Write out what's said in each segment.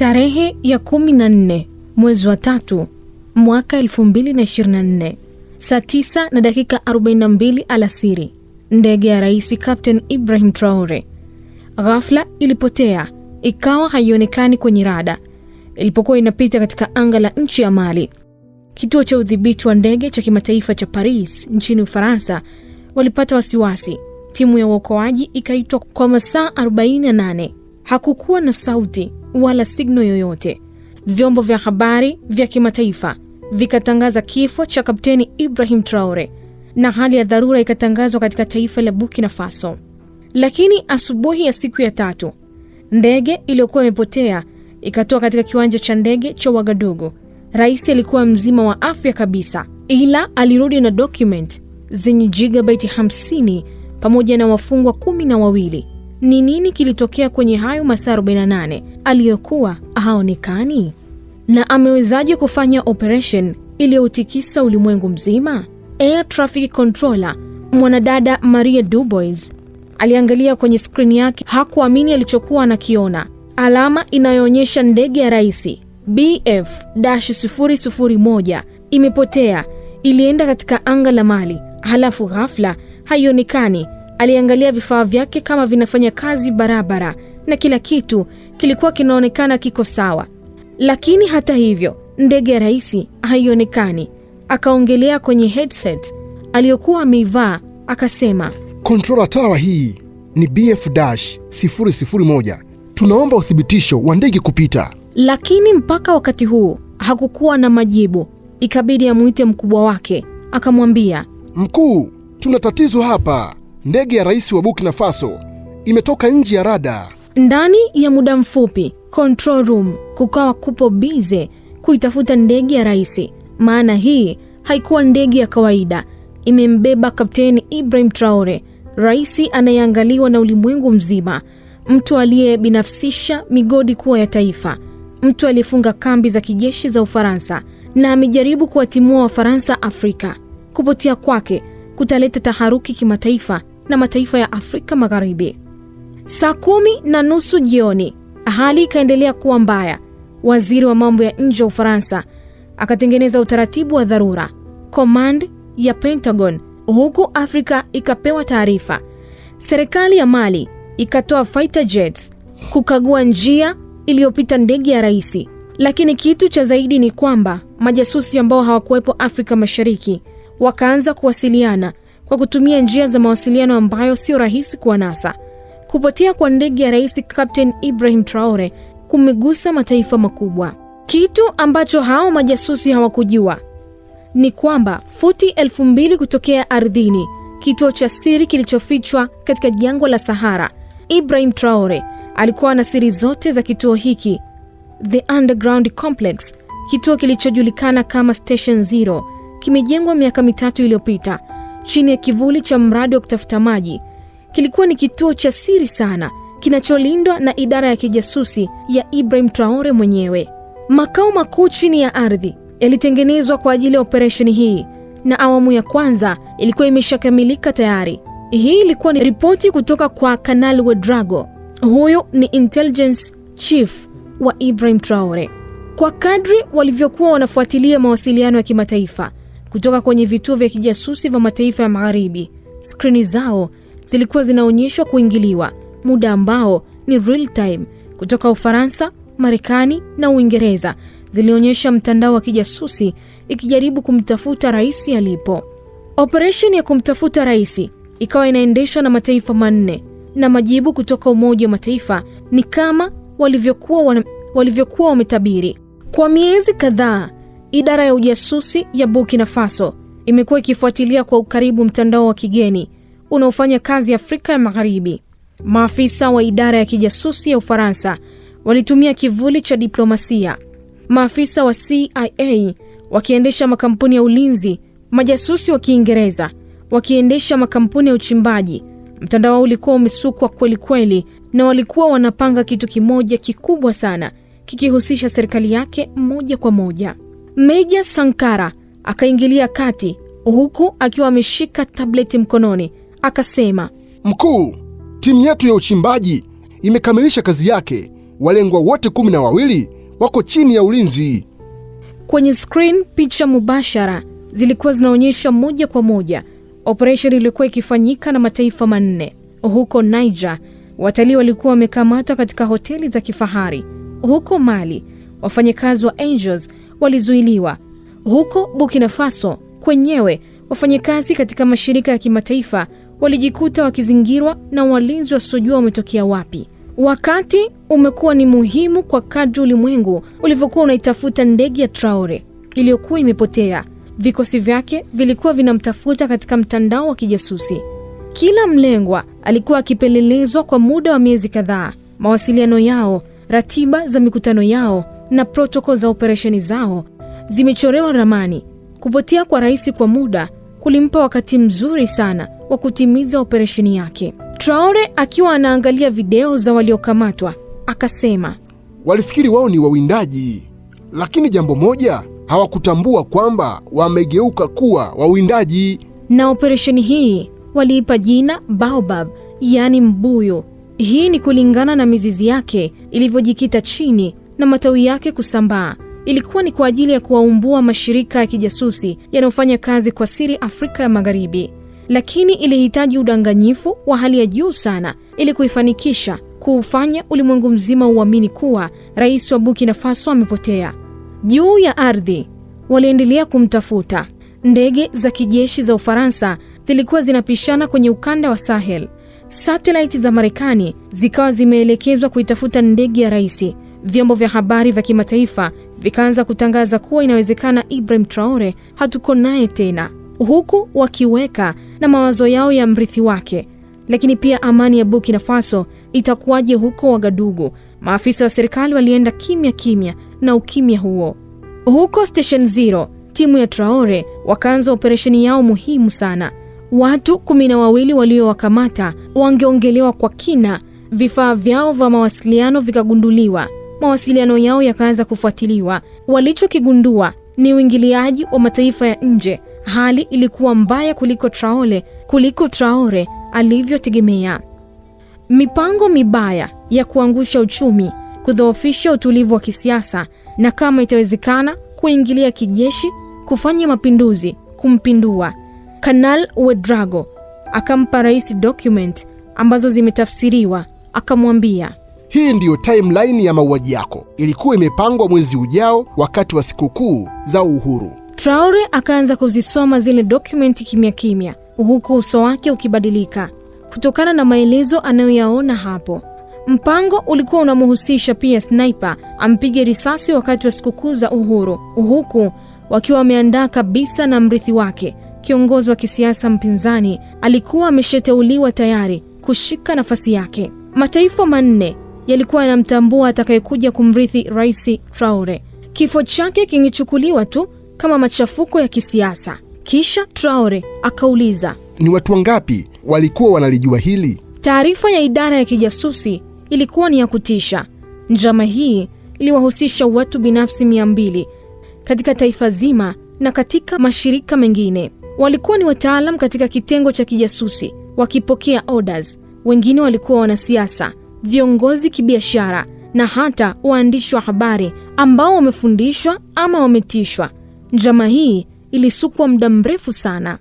Tarehe ya 14 mwezi wa tatu mwaka 2024 saa 9 na dakika 42 alasiri, ndege ya Rais Captain Ibrahim Traore ghafla ilipotea ikawa haionekani kwenye rada ilipokuwa inapita katika anga la nchi ya Mali. Kituo cha udhibiti wa ndege cha kimataifa cha Paris nchini Ufaransa walipata wasiwasi. Timu ya uokoaji ikaitwa kwa masaa 48 hakukuwa na sauti wala signo yoyote. Vyombo vya habari vya kimataifa vikatangaza kifo cha Kapteni Ibrahim Traore na hali ya dharura ikatangazwa katika taifa la Burkina Faso. Lakini asubuhi ya siku ya tatu, ndege iliyokuwa imepotea ikatoa katika kiwanja cha ndege cha Wagadugu. Rais alikuwa mzima wa afya kabisa, ila alirudi na document zenye gigabyte 50 pamoja na wafungwa kumi na wawili. Ni nini kilitokea kwenye hayo masaa 48 aliyokuwa haonekani? Na amewezaje kufanya operation iliyoutikisa ulimwengu mzima? Air traffic controller mwanadada Maria Dubois aliangalia kwenye skrini yake, hakuamini alichokuwa anakiona. Alama inayoonyesha ndege ya raisi BF-001 imepotea, ilienda katika anga la Mali, halafu ghafla haionekani aliangalia vifaa vyake kama vinafanya kazi barabara na kila kitu kilikuwa kinaonekana kiko sawa. Lakini hata hivyo, ndege ya rais haionekani, akaongelea kwenye headset aliyokuwa ameivaa akasema, kontrola tawa hii ni BF-001, tunaomba uthibitisho wa ndege kupita. Lakini mpaka wakati huu hakukuwa na majibu. Ikabidi amwite mkubwa wake, akamwambia, mkuu, tuna tatizo hapa ndege ya rais wa Burkina Faso imetoka nje ya rada. Ndani ya muda mfupi, control room kukawa kupo bize kuitafuta ndege ya rais, maana hii haikuwa ndege ya kawaida. Imembeba Kapteni Ibrahim Traore, rais anayeangaliwa na ulimwengu mzima, mtu aliyebinafsisha migodi kuwa ya taifa, mtu aliyefunga kambi za kijeshi za Ufaransa na amejaribu kuwatimua Wafaransa Afrika. Kupotea kwake kutaleta taharuki kimataifa na mataifa ya Afrika Magharibi. Saa kumi na nusu jioni hali ikaendelea kuwa mbaya. Waziri wa mambo ya nje wa Ufaransa akatengeneza utaratibu wa dharura, command ya Pentagon, huku Afrika ikapewa taarifa. Serikali ya Mali ikatoa fighter jets kukagua njia iliyopita ndege ya rais, lakini kitu cha zaidi ni kwamba majasusi ambao hawakuwepo Afrika Mashariki wakaanza kuwasiliana kwa kutumia njia za mawasiliano ambayo sio rahisi nasa Kupotea kwa ndege ya rais Captain Ibrahim Traore kumegusa mataifa makubwa. Kitu ambacho hao majasusi hawakujua ni kwamba futi elfu mbili kutokea ardhini, kituo cha siri kilichofichwa katika jangwa la Sahara, Ibrahim Traore alikuwa na siri zote za kituo hiki, the underground complex. Kituo kilichojulikana kama Station Zero kimejengwa miaka mitatu iliyopita chini ya kivuli cha mradi wa kutafuta maji. Kilikuwa ni kituo cha siri sana kinacholindwa na idara ya kijasusi ya Ibrahim Traore mwenyewe. Makao makuu chini ya ardhi yalitengenezwa kwa ajili ya operesheni hii na awamu ya kwanza ilikuwa imeshakamilika tayari. Hii ilikuwa ni ripoti kutoka kwa kanal Wedrago, huyu ni intelligence chief wa Ibrahim Traore. Kwa kadri walivyokuwa wanafuatilia mawasiliano ya kimataifa, kutoka kwenye vituo vya kijasusi vya mataifa ya Magharibi. Skrini zao zilikuwa zinaonyeshwa kuingiliwa muda ambao ni real time kutoka Ufaransa, Marekani na Uingereza zilionyesha mtandao wa kijasusi ikijaribu kumtafuta rais alipo. Operesheni ya kumtafuta rais ikawa inaendeshwa na mataifa manne na majibu kutoka Umoja wa Mataifa ni kama walivyokuwa wana, walivyokuwa wametabiri. Kwa miezi kadhaa Idara ya ujasusi ya Burkina Faso imekuwa ikifuatilia kwa ukaribu mtandao wa kigeni unaofanya kazi Afrika ya Magharibi. Maafisa wa idara ya kijasusi ya Ufaransa walitumia kivuli cha diplomasia, maafisa wa CIA wakiendesha makampuni ya ulinzi, majasusi wa Kiingereza wakiendesha makampuni ya uchimbaji. Mtandao ulikuwa umesukwa kweli kweli, na walikuwa wanapanga kitu kimoja kikubwa sana kikihusisha serikali yake moja kwa moja. Meja Sankara akaingilia kati huku akiwa ameshika tableti mkononi, akasema, Mkuu, timu yetu ya uchimbaji imekamilisha kazi yake. Walengwa wote kumi na wawili wako chini ya ulinzi. Kwenye screen picha mubashara zilikuwa zinaonyesha moja kwa moja operesheni ilikuwa ikifanyika na mataifa manne. Huko Niger, watalii walikuwa wamekamata katika hoteli za kifahari. Huko Mali, wafanyakazi wa Angels walizuiliwa. Huko Burkina Faso kwenyewe, wafanyakazi katika mashirika ya kimataifa walijikuta wakizingirwa na walinzi wasiojua wametokea wapi. Wakati umekuwa ni muhimu kwa kadri ulimwengu ulivyokuwa unaitafuta ndege ya Traore iliyokuwa imepotea. Vikosi vyake vilikuwa vinamtafuta katika mtandao wa kijasusi. Kila mlengwa alikuwa akipelelezwa kwa muda wa miezi kadhaa, mawasiliano yao, ratiba za mikutano yao na protokol za operesheni zao zimechorewa ramani. Kupotea kwa rais kwa muda kulimpa wakati mzuri sana wa kutimiza operesheni yake. Traore akiwa anaangalia video za waliokamatwa akasema, walifikiri wao ni wawindaji, lakini jambo moja hawakutambua kwamba wamegeuka kuwa wawindaji. Na operesheni hii waliipa jina Baobab, yaani mbuyu. Hii ni kulingana na mizizi yake ilivyojikita chini na matawi yake kusambaa ilikuwa ni kwa ajili ya kuwaumbua mashirika ya kijasusi yanayofanya kazi kwa siri Afrika ya Magharibi, lakini ilihitaji udanganyifu wa hali ya juu sana ili kuifanikisha, kuufanya ulimwengu mzima uamini kuwa rais wa bukina Faso amepotea. Juu ya ardhi waliendelea kumtafuta. Ndege za kijeshi za Ufaransa zilikuwa zinapishana kwenye ukanda wa Sahel. Satelaiti za Marekani zikawa zimeelekezwa kuitafuta ndege ya rais vyombo vya habari vya kimataifa vikaanza kutangaza kuwa inawezekana Ibrahim Traore hatuko naye tena, huku wakiweka na mawazo yao ya mrithi wake. Lakini pia amani ya Burkina Faso itakuwaje huko Wagadugu? Maafisa wa serikali walienda kimya kimya na ukimya huo. Huko Station Zero, timu ya Traore wakaanza operesheni yao muhimu sana. Watu kumi na wawili waliowakamata wangeongelewa kwa kina, vifaa vyao vya mawasiliano vikagunduliwa mawasiliano yao yakaanza kufuatiliwa. Walichokigundua ni uingiliaji wa mataifa ya nje. Hali ilikuwa mbaya kuliko Traore kuliko Traore alivyotegemea. Mipango mibaya ya kuangusha uchumi, kudhoofisha utulivu wa kisiasa, na kama itawezekana kuingilia kijeshi, kufanya mapinduzi, kumpindua. Kanal wedrago akampa rais document ambazo zimetafsiriwa, akamwambia hii ndiyo timeline ya mauaji yako. Ilikuwa imepangwa mwezi ujao wakati wa sikukuu za uhuru. Traore akaanza kuzisoma zile dokumenti kimya kimya, huku uso wake ukibadilika kutokana na maelezo anayoyaona hapo. Mpango ulikuwa unamhusisha pia sniper ampige risasi wakati wa sikukuu za uhuru, huku wakiwa wameandaa kabisa na mrithi wake, kiongozi wa kisiasa mpinzani alikuwa ameshateuliwa tayari kushika nafasi yake. Mataifa manne yalikuwa yanamtambua atakayekuja kumrithi Rais Traore. Kifo chake kingechukuliwa tu kama machafuko ya kisiasa. Kisha Traore akauliza, ni watu wangapi walikuwa wanalijua hili? Taarifa ya idara ya kijasusi ilikuwa ni ya kutisha. Njama hii iliwahusisha watu binafsi mia mbili katika taifa zima na katika mashirika mengine. Walikuwa ni wataalam katika kitengo cha kijasusi wakipokea orders, wengine walikuwa wanasiasa, viongozi kibiashara na hata waandishi wa habari ambao wamefundishwa ama wametishwa. Njama hii ilisukwa muda mrefu sana.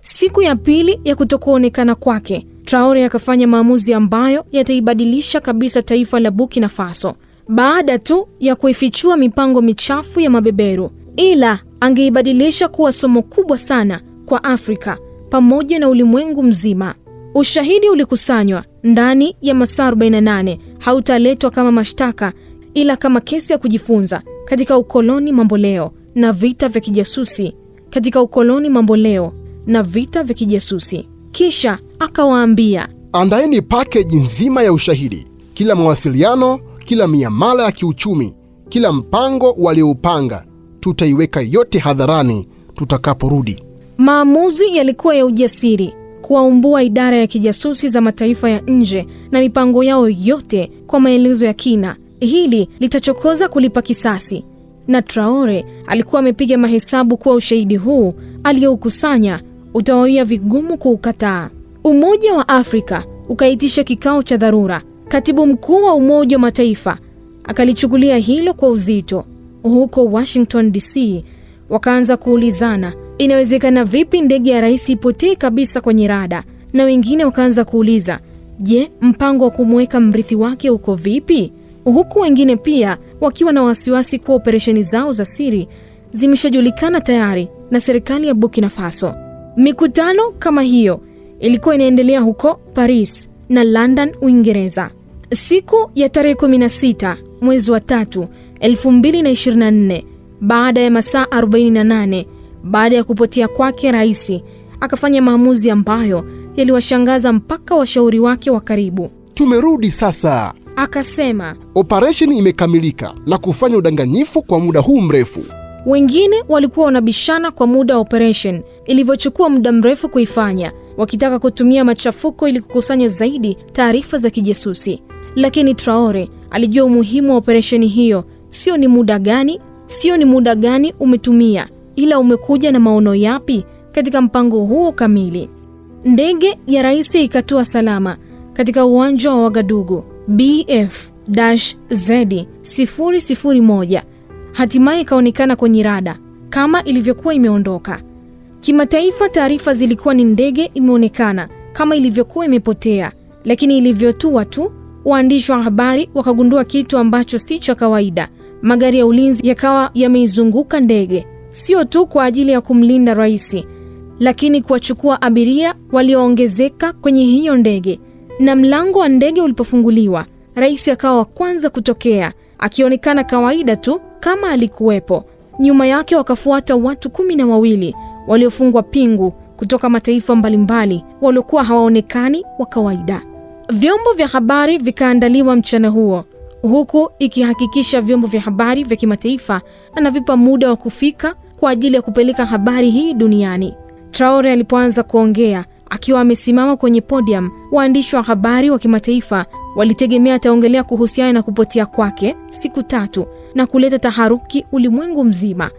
Siku ya pili ya kutokuonekana kwake, Traore akafanya maamuzi ambayo yataibadilisha kabisa taifa la Burkina Faso baada tu ya kuifichua mipango michafu ya mabeberu, ila angeibadilisha kuwa somo kubwa sana kwa Afrika pamoja na ulimwengu mzima. Ushahidi ulikusanywa ndani ya masaa 48 hautaletwa kama mashtaka, ila kama kesi ya kujifunza katika ukoloni mamboleo na vita vya kijasusi katika ukoloni mamboleo na vita vya kijasusi. Kisha akawaambia, andaeni pakeji nzima ya ushahidi, kila mawasiliano, kila miamala ya kiuchumi, kila mpango walioupanga. Tutaiweka yote hadharani tutakaporudi. Maamuzi yalikuwa ya ujasiri kuwaumbua idara ya kijasusi za mataifa ya nje na mipango yao yote kwa maelezo ya kina. Hili litachokoza kulipa kisasi. Na Traore alikuwa amepiga mahesabu kuwa ushahidi huu aliyoukusanya utawawia vigumu kuukataa. Umoja wa Afrika ukaitisha kikao cha dharura. Katibu mkuu wa Umoja wa Mataifa akalichukulia hilo kwa uzito. Huko Washington DC wakaanza kuulizana Inawezekana vipi ndege ya rais ipotee kabisa kwenye rada? Na wengine wakaanza kuuliza, je, mpango wa kumweka mrithi wake uko vipi? Huku wengine pia wakiwa na wasiwasi kuwa operesheni zao za siri zimeshajulikana tayari na serikali ya Burkina Faso. Mikutano kama hiyo ilikuwa inaendelea huko Paris na London, Uingereza. Siku ya tarehe 16 mwezi wa tatu 224 baada ya masaa 48 baada ya kupotea kwake, rais akafanya maamuzi ambayo yaliwashangaza mpaka washauri wake wa karibu. Tumerudi sasa, akasema, operesheni imekamilika na kufanya udanganyifu kwa muda huu mrefu. Wengine walikuwa wanabishana kwa muda wa operesheni ilivyochukua muda mrefu kuifanya, wakitaka kutumia machafuko ili kukusanya zaidi taarifa za kijesusi Lakini Traore alijua umuhimu wa operesheni hiyo. Sio ni muda gani, sio ni muda gani umetumia ila umekuja na maono yapi katika mpango huo kamili? Ndege ya rais ikatua salama katika uwanja wa Wagadugu BF-Z 001 hatimaye ikaonekana kwenye rada kama ilivyokuwa imeondoka. Kimataifa, taarifa zilikuwa ni ndege imeonekana kama ilivyokuwa imepotea, lakini ilivyotua tu, waandishi wa habari wakagundua kitu ambacho si cha kawaida. Magari ya ulinzi yakawa yameizunguka ndege sio tu kwa ajili ya kumlinda rais, lakini kuwachukua abiria walioongezeka kwenye hiyo ndege. Na mlango wa ndege ulipofunguliwa, rais akawa wa kwanza kutokea, akionekana kawaida tu kama alikuwepo. Nyuma yake wakafuata watu kumi na wawili waliofungwa pingu kutoka mataifa mbalimbali waliokuwa hawaonekani wa kawaida. Vyombo vya habari vikaandaliwa mchana huo huku ikihakikisha vyombo vya habari vya kimataifa anavipa muda wa kufika kwa ajili ya kupeleka habari hii duniani. Traore alipoanza kuongea akiwa amesimama kwenye podium, waandishi wa habari wa kimataifa walitegemea ataongelea kuhusiana na kupotea kwake siku tatu na kuleta taharuki ulimwengu mzima.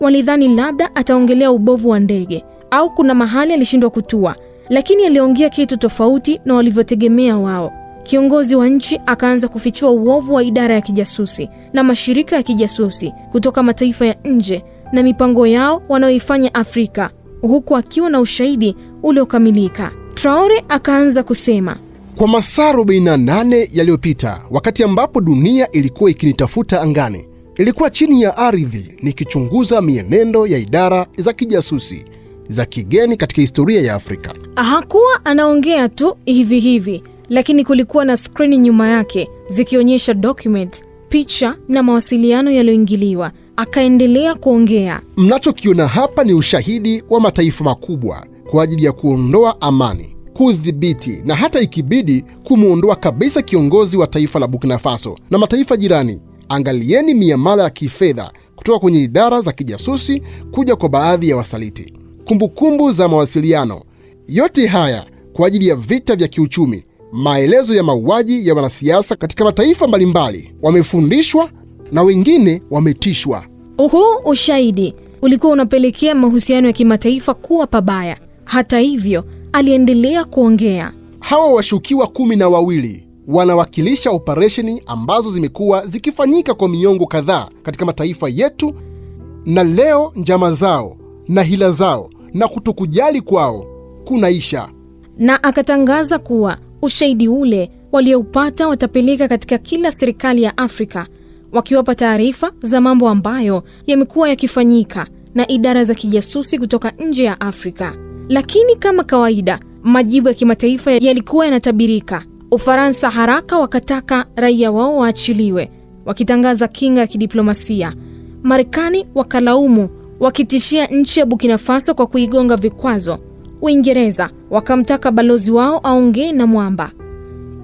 Walidhani labda ataongelea ubovu wa ndege au kuna mahali alishindwa kutua, lakini aliongea kitu tofauti na walivyotegemea wao kiongozi wa nchi akaanza kufichua uovu wa idara ya kijasusi na mashirika ya kijasusi kutoka mataifa ya nje na mipango yao wanayoifanya Afrika, huku akiwa na ushahidi uliokamilika. Traore akaanza kusema, kwa masaa 48 yaliyopita, wakati ambapo dunia ilikuwa ikinitafuta angani, ilikuwa chini ya ardhi nikichunguza mienendo ya idara za kijasusi za kigeni katika historia ya Afrika. Hakuwa anaongea tu hivi hivi lakini kulikuwa na skrini nyuma yake zikionyesha document, picha na mawasiliano yaliyoingiliwa. Akaendelea kuongea, mnachokiona hapa ni ushahidi wa mataifa makubwa kwa ajili ya kuondoa amani, kudhibiti na hata ikibidi kumwondoa kabisa kiongozi wa taifa la Burkina Faso na mataifa jirani. Angalieni miamala ya kifedha kutoka kwenye idara za kijasusi kuja kwa baadhi ya wasaliti, kumbukumbu kumbu za mawasiliano, yote haya kwa ajili ya vita vya kiuchumi maelezo ya mauaji ya wanasiasa katika mataifa mbalimbali. Wamefundishwa na wengine wametishwa. Huu ushahidi ulikuwa unapelekea mahusiano ya kimataifa kuwa pabaya. Hata hivyo, aliendelea kuongea. Hawa washukiwa kumi na wawili wanawakilisha operesheni ambazo zimekuwa zikifanyika kwa miongo kadhaa katika mataifa yetu, na leo njama zao na hila zao na kutokujali kwao kunaisha. Na akatangaza kuwa Ushahidi ule walioupata watapeleka katika kila serikali ya Afrika wakiwapa taarifa za mambo ambayo yamekuwa yakifanyika na idara za kijasusi kutoka nje ya Afrika. Lakini kama kawaida, majibu ya kimataifa yalikuwa yanatabirika. Ufaransa haraka wakataka raia wao waachiliwe, wakitangaza kinga ya kidiplomasia. Marekani wakalaumu, wakitishia nchi ya Burkina Faso kwa kuigonga vikwazo Uingereza wakamtaka balozi wao aongee na Mwamba.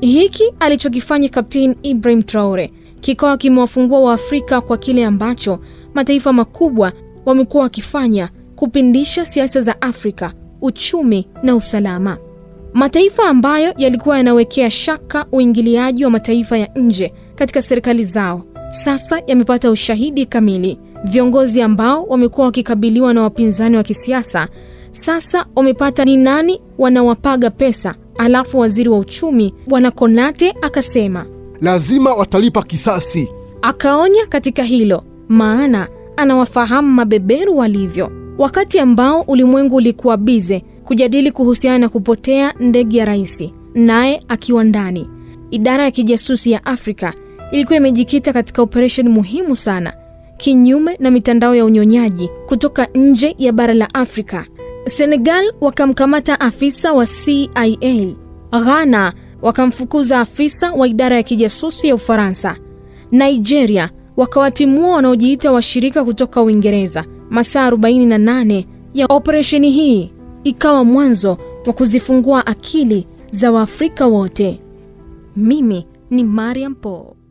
Hiki alichokifanya Kapteni Ibrahim Traore kikawa kimewafungua Waafrika kwa kile ambacho mataifa makubwa wamekuwa wakifanya, kupindisha siasa za Afrika, uchumi na usalama. Mataifa ambayo yalikuwa yanawekea shaka uingiliaji wa mataifa ya nje katika serikali zao sasa yamepata ushahidi kamili. Viongozi ambao wamekuwa wakikabiliwa na wapinzani wa kisiasa sasa wamepata ni nani wanawapaga pesa. Alafu waziri wa uchumi Bwana Konate akasema lazima watalipa kisasi. Akaonya katika hilo, maana anawafahamu mabeberu walivyo. Wakati ambao ulimwengu ulikuwa bize kujadili kuhusiana na kupotea ndege ya rais, naye akiwa ndani, idara ya kijasusi ya Afrika ilikuwa imejikita katika operesheni muhimu sana, kinyume na mitandao ya unyonyaji kutoka nje ya bara la Afrika Senegal wakamkamata afisa wa CIA. Ghana wakamfukuza afisa wa idara ya kijasusi ya Ufaransa. Nigeria wakawatimua wanaojiita washirika kutoka Uingereza. Masaa 48 ya operesheni hii ikawa mwanzo wa kuzifungua akili za Waafrika wote. Mimi ni Mariam poe